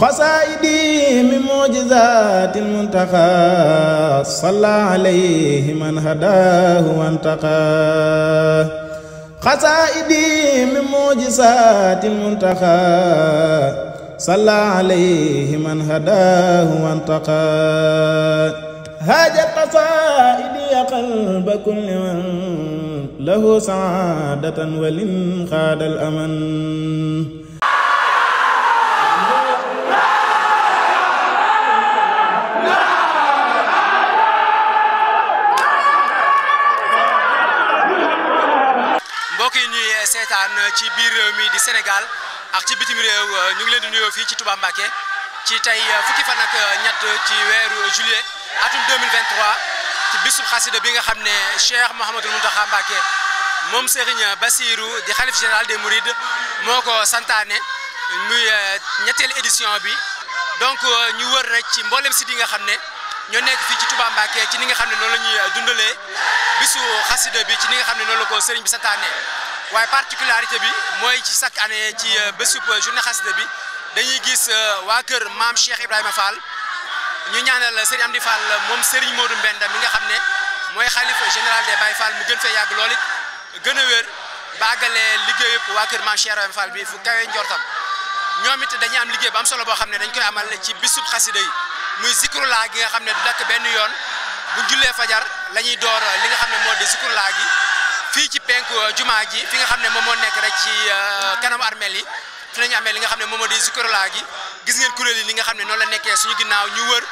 xasaayidi min mujizati lmuntaqa salla alayhi man hadaahu wantaqa xasaayidi min mujizati lmuntaqa salla alayhi man hadaahu wantaqa haajat xasaayidi qalba kulli man lahu saadatan walin xaadal aman ñuy seetaan euh, ci biir réew mi di Sénégal ak ci bitim euh, ñu ngi leen di nuyoo fii ci Touba ci tey euh, fukki fan ak ñett ci weeru juillet atum 2023 ci bisub xasida bi nga xam ne Cheikh Mouhamadou Mountakha Mbacké moom Serigne Bassirou di xalif général des Mourides moo ko santaane muy ñetteelu édition bi donc ñu wër rek ci mboolem site yi nga xam ne ñoo nekk fii ci Touba Mbacké ci ni nga xam ne noonu la ñuy dundalee bisu xasida bi ci ni nga xam ne noonu la ko sëriñ bi santaane waaye particularité bi mooy ci chaque année ci euh, bésub euh, journée xasida bi dañuy gis euh, waa kër maam Cheikh Ibrahima Fall ñu ñaanal Serigne Amdi Fall moom Serigne Modou Mbenda mi nga xam ne mooy xalifa général des Baye Fall mu gën fee yàgg lool gën a wér baagalee liggéey yëpp waa kër maam Cheikh Ibrahima Fall bi fu kawe njortam ñoom it dañuy am liggéey bu solo boo xam ne dañ koy amal ci bésub xasida yi muy zikrulaa gi nga xam ne du dakk benn yoon bu jullee fajar la ñuy door li nga xam ne moo di zikrulaa gi fii ci penk euh, jumaa ji fi nga xam ne moom moo nekk rek ci euh, kanam armeel yi fi amee li nga xam ne moom moo di zikrullaa gi gis ngeen kuréel yi li nga xam ne noon la nekkee ñu ginnaaw ñu wër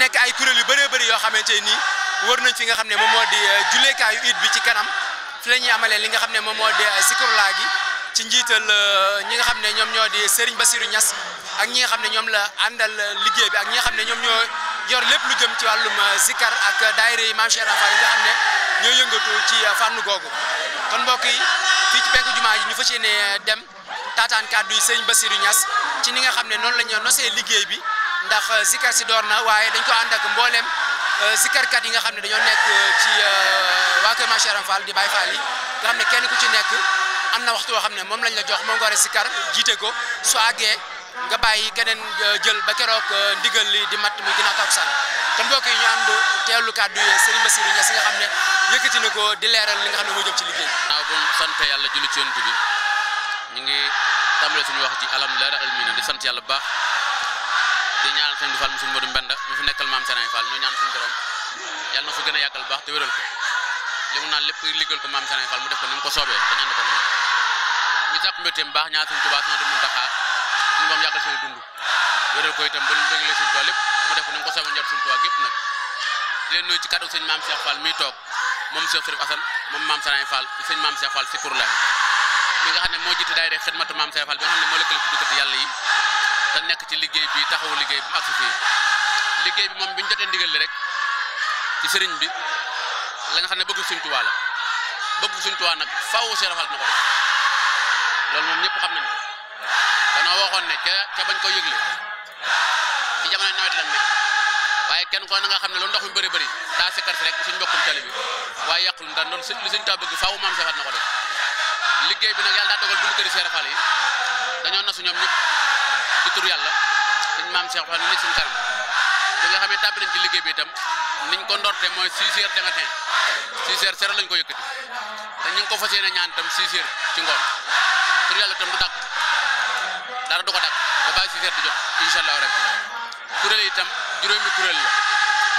nekk ay kuréel yu bëree bëri yoo xamante nii wër nañ fi nga xam ne moom moo di euh, julleekaayu it bi ci kanam fi la ñuy amalee li nga xam ne moom moo di zikrullaa gi ci njiital ñi nga xam ne ñoom ñoo di Serigne Bassirou ñas ak ñi nga xam ne ñoom la àndal liggéey bi ak ñi nga xam ne ñoom ñoo yor lépp lu jëm ci wàllum zikar ak daayira yi Maam Cheikh Rafaal ñoo yëngatu ci euh, fànn googu kon mbokk yi fii ci penku jumaa ji ñu fas yéene euh, dem taataan kàddu yi sëñ Bassirou ñas ci ni nga xam ne noonu lañu ñu nosee liggéey bi ndax euh, zikar si door na waaye dañ ko ànd ak mbooleem zikarkat yi nga xam ne dañoo nekk ci waa Kër Maam di Baye Fall yi nga xam ne kenn ku ci nekk am na waxtu woo xam ne moom lañ la jox moom nga war a zikar jiite ko su àggee ga bàyyi keneen jël ba keroog ndigal li di mat muy ginnaaw takkusaan kon mbokk yi ñu ànd teewlu kàddu yëkkati na ko di leeral li nga xam ne moo jëm ci liggéey bi. waaw bon sant yàlla julli ci yonent bi ñu ngi tàmbale suñu wax ci alhamdulilah rabbil alamin di sant yàlla bu baax di ñaanal sëñ bi Fall suñu Modou fi nekkal maam Serigne Fall ñu ñaan suñu borom yàlla na ko gën a yàggal baax te wéral ko li mu naan lépp liggéeyal ko maam Serigne Fall mu def ko ni mu ko soobee dañu ànd ko moom ñu jàpp mbéteem baax ñaan suñu Tuubaa suñu dund taxaa suñu borom yàggal suñu dund wéral ko tam ba ñu bëgg la suñu tool lépp mu def ko ni mu ko soobee njëriñ suñu tool gépp nag di leen nuyu ci kàddu sëñ maam moom Cheikh Serif Assane moom maam Sanaay Fall sëñ maam Cheikh Fall si pour nga xam ne moo jiite daayira xidmatu maam Cheikh Fall bi nga xam ne moo lëkkale tuddkati yàlla yi te nekk ci liggéey bi taxawu liggéey bi mu agsi liggéey bi moom bi ñu jotee ndigal rek ci sëriñ bi la nga xam ne bëgg suñ tuwaa la bëgg suñ tuwaa nag faaw Cheikh Fall na ko loolu moom ñépp xam nañ ko danoo waxoon ne ca ca bañ ko yëgle ci jamono nawet lan nekk waaye kenn ko na nga xam ne loolu ndox mi bëri bëri daa sikkar si rek suñ mbokkum tali bi waaye yàqul ndax loolu suñ taa bëgg faawu maam safat na ko liggéey bi nag yàlla daa dogal bu ñu këri seera fall yi dañoo nasu ñoom ñëpp ci tur yàlla suñ maam Cheikh Fall ni nekk suñu kanam bi nga xamee tàbbi nañ ci liggéey bi itam niñ ko ndorte mooy 6 heures de matin 6 heures sera ko yëkkati te ñu ngi ko fas yéene ñaan itam 6 heures ci ngoon tur yàlla itam du dàq dara du ko dàq ba bàyyi 6 heures di jot incha allah rek kuréel juróomi kuréel la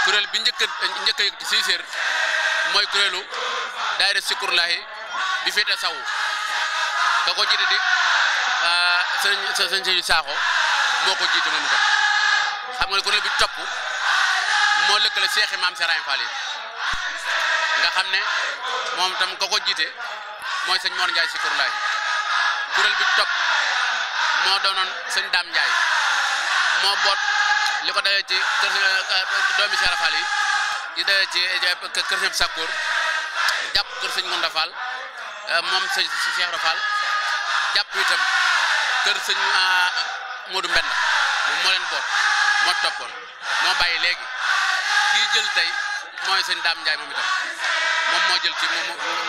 kuréel bi njëkk a njëkk a yëg ci siiséer mooy kuréelu daayira Sikurlaahi bi féete sawu ka ko jiite di ah, sëñ sëñ sëñ Saaxo moo ko jiite moom itam xam nga kuréel bi topp moo lëkkale seexi maam Serigne Fall yi nga xam ne moom itam ka ko mooy sëñ Mor Ndiaye Sikurlaahi kuréel bi topp moo doonoon sëñ Daam Ndiaye moo boot. li ko dalee ci kër euh, doomi Cheikh Fall yi di dalee ci kër sëñ jàpp kër sëñ Mounda Fall euh, moom sëñ Cheikh Fall jàpp itam kër sëñ euh, Modou Mbenda moom moo leen boot moo toppoon moo bàyyi léegi kii jël tey mooy sëñ Dame Ndiaye moom moo jël ci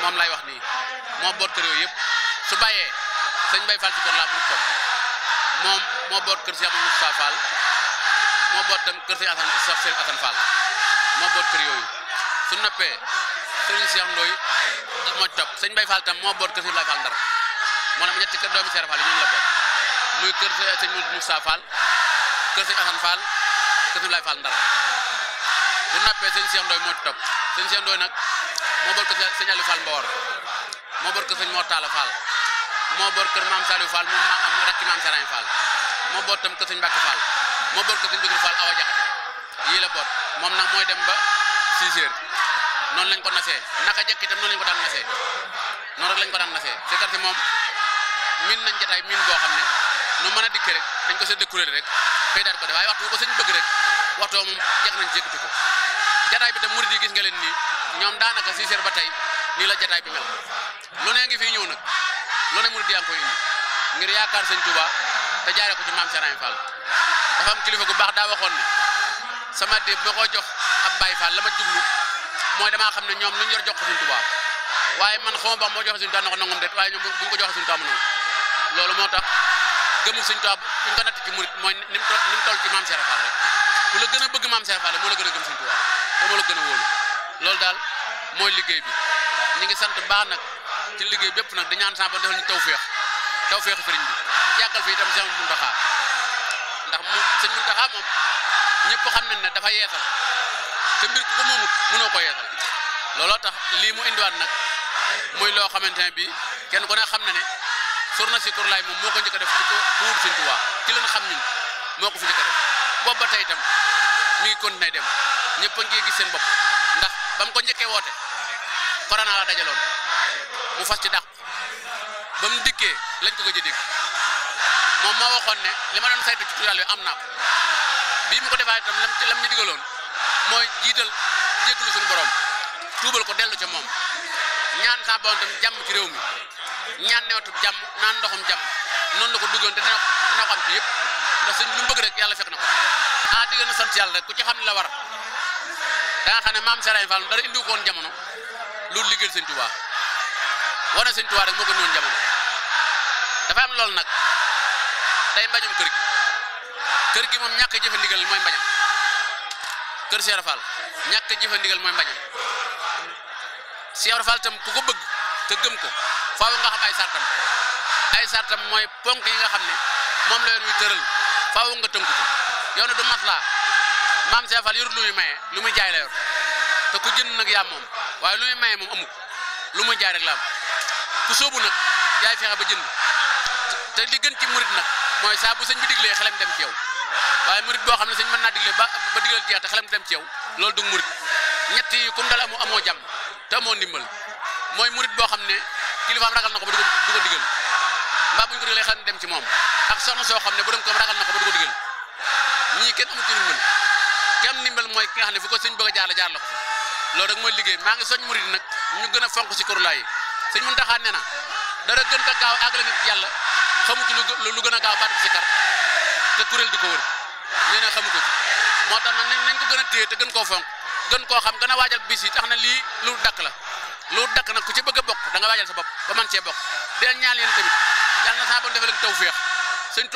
moom lay wax nii moo boot kër yooyu yëpp su bàyyee sëñ Baye Fall ci moom moo boot kër si amul Moustapha Fall boot tam kër sëñ Assane Cheikh moo boot kër yooyu su noppee sëriñ Cheikh Ndoye moo topp sëñ Baye Fall tam moo boot kër sëñ Baye Ndar moo tax ñetti kër doomi Cheikh Fall yi ñoom la boot muy kër sëñ Moussa Fall kër sëñ Assane Fall kër moo topp kër sëñ Aliou Fall moo boot kër sëñ Mor Talla moo boot ko sëñ Basiru Fall Awa Jaxate yii la boot moom nag mooy dem ba 6 heures noonu lañ ko nasee naka jëkk itam noonu lañ ko daan nasee noonu rek lañ ko daan nasee cest à moom min nañ jataay min boo xam ne nu mën a dikk rek dañ ko séddee kuréel rek fay daal ko de waaye waxtu ko sëñ bëgg rek waxtoo moom jeex nañ ci ko jataay bi tam murid yi gis nga leen nii ñoom daanaka 6 heures ba tey nii la jataay bi mel lu ne ngi fii ñëw nag lu ne murid yaa ngi koy ngir yaakaar sëñ Touba te jaaree ko ci maam Serigne dafa am kilifa gu baax daa waxoon ne sama déeb ma ko jox ab Baay Faal la ma moo mooy damaa xam ne ñoom lu ñu yor jox ko Sëriñ Tuubaa waaye man xaw ma baax moo joxe Sëriñ Tuubaa na ko waaye ñoom ko joxe Sëriñ Tuubaa mu nangu loolu moo tax gëmul Sëriñ Tuubaa bu ñu ko natt ci murit mooy ni mu ni mu toll ci maam Seex ku la gën a bëgg maam Seex Faal moo la gën a gëm Sëriñ Tuubaa te moo la gën a wóolu loolu daal mooy liggéey bi ñu ngi sant baax nag ci liggéey bépp nag di ñaan sa ba defal ñu tawfeex tawfeexu sëriñ bi yàggal fi itam Seex Muntaxa ndax mu sëñ Muntaxa moom ñëpp xam nañ ne dafa yeesal te mbir ku ko moomut mënoo ko yeesal looloo tax lii mu indiwaat na muy loo xamante ne bii kenn ku ne xam na ne surna si kurlaay moom moo ko njëkk def ci tuur sëñ Tuubaa ci leen xam ñun moo ko fi njëkk a def boobu ba tey itam mi ngi nay dem ñëpp a ngi gis seen bopp ndax ba mu ko njëkkee woote corona la dajaloon mu fas ci dàq ba mu dikkee lañ ko gëj a moom moo waxoon ne li ma doon saytu ci tur yàlla bi am naa ko bii mu ko defaat itam lam lam ñu digaloon mooy jiital jéggalu suñu borom tuubal ko dellu ca moom ñaan sa borom tam jàmm ci réew mi ñaan newatu jàmm naan ndoxum jàmm noonu la ko duggoon te dina dina ko yëpp ndax suñ lu mu bëgg rek yàlla fekk na ko ah diggal na sant yàlla rek ku ci xam ne la war da nga xam ne maam Serigne dara indi ko woon jamono loolu liggéeyal Sëñ Tuubaa war na Sëñ loolu nag day mbañum kër gi kër gi moom ñàkk a jëfe ndigal mooy mbañam kër Cheikh Fall ñàkk a mooy mbañam Cheikh Fall tam ku bëgg te gëm ko faaw nga xam ay sartam ay sartam mooy ponk yi nga xam ni moom la yoon wi tëral faaw nga tënku ko du maslaa maam Cheikh Fall yorut lu muy maye lu muy jaay la yor te ku jënd nag yaa moom waaye lu muy maye moom amu lu muy jaay rek la am ku sóobu nag yaay fexe ba jënd te li gën ci murit nag. mooy saa bu sëñ bi diglee xelam dem ci yow waaye murit boo xam ne sëñ mën naa digle ba ba digal jeex te xelam dem ci yow loolu du murit ñett yi kum dal amoo te amoo ndimbal mooy murit boo xam ne kilifaam ragal na ko ba du ko digal mbaa bu ñu ko digalee xelam dem ci moom ak soxna soo xam ne borom ko ragal na ko ba du ko digal ñii kenn amul ci ndimbal kenn ndimbal mooy ki nga xam ne fu ko sëñ bëgg a jaar la jaar la loolu rek mooy liggéey maa ngi soñ murit nag ñu gën a fonk ci kurlaay yi sëñ Muntaxa nee na dara gën ka gaaw àggale nit yàlla xamu ci lu gën a gaaw baatu sikar te kuréel di ko wër nee na xamu ko moo tax nag nañ ko gën a téye te gën koo fonk gën koo xam gën a waajal bis yi tax na lii lu dakk la lu dakk na ku ci bëgg a bokk da nga waajal sa bopp ba man cee bokk di leen ñaan leen tamit yàlla na saa ba defal leen tawféex sëñ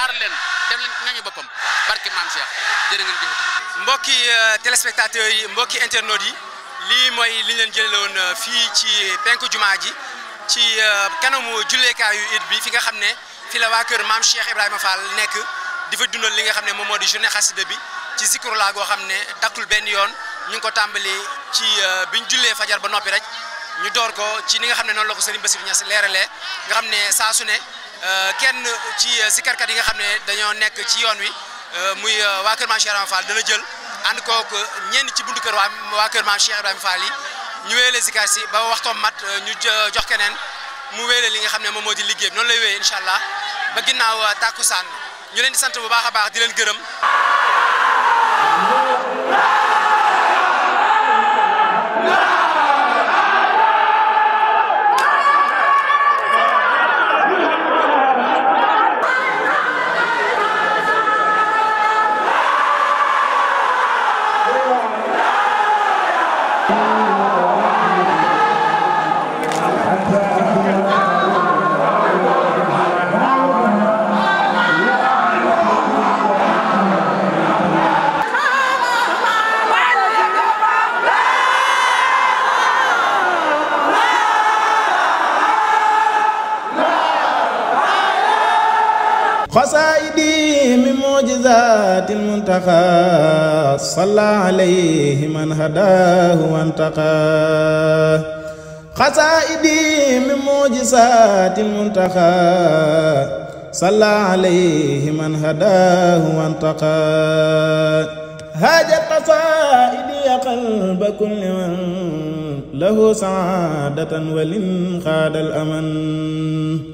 aar leen def leen ñooñu boppam barki maam Cheikh jërë ngeen jëfati mbokki euh, téléspectateurs yi mbokki internautes yi lii mooy li ñu leen jëlee woon euh, fii ci penku jumaa ji ci euh, kanamu julleekaayu it bi fi nga xam ne fi la waa mam maam Cheikh Ibrahima Fall nekk di fa dundal li nga xam ne moom moo di journée xasida bi ci zikru laa goo xam ne takkul benn yoon ñu ngi ko tàmbali ci euh, biñ jullee fajar ba noppi rek ñu door ko ci ni nga xam ne noonu la ko Serigne Bassirou Niass leeralee nga xam ne saa su ne euh, kenn ci sikarkat yi nga xam ne dañoo nekk ci yoon wi muy waa kër maam Cheikh Ibrahima Fall jël ànd kook ñenn ci buntu kër waa waa kër maam Cheikh Ibrahima yi. ñu wéyale zikar si ba waxtoom mat euh, ñu jox keneen mu wéyale li nga xam ne moom moo di liggéey noonu lay wéyee incha allah ba ginnaaw euh, tàkkusaan ñu leen di sant bu baax a baax di leen gërëm xasaayidi min mujizati lmuntaqa salla alayhi man hadahu wantaqa xasaayidi min mujizati lmuntaqa salla alayhi man hadahu wantaqa haajat xasaayidi qalba kulli man lahu saadatan walin xaadal aman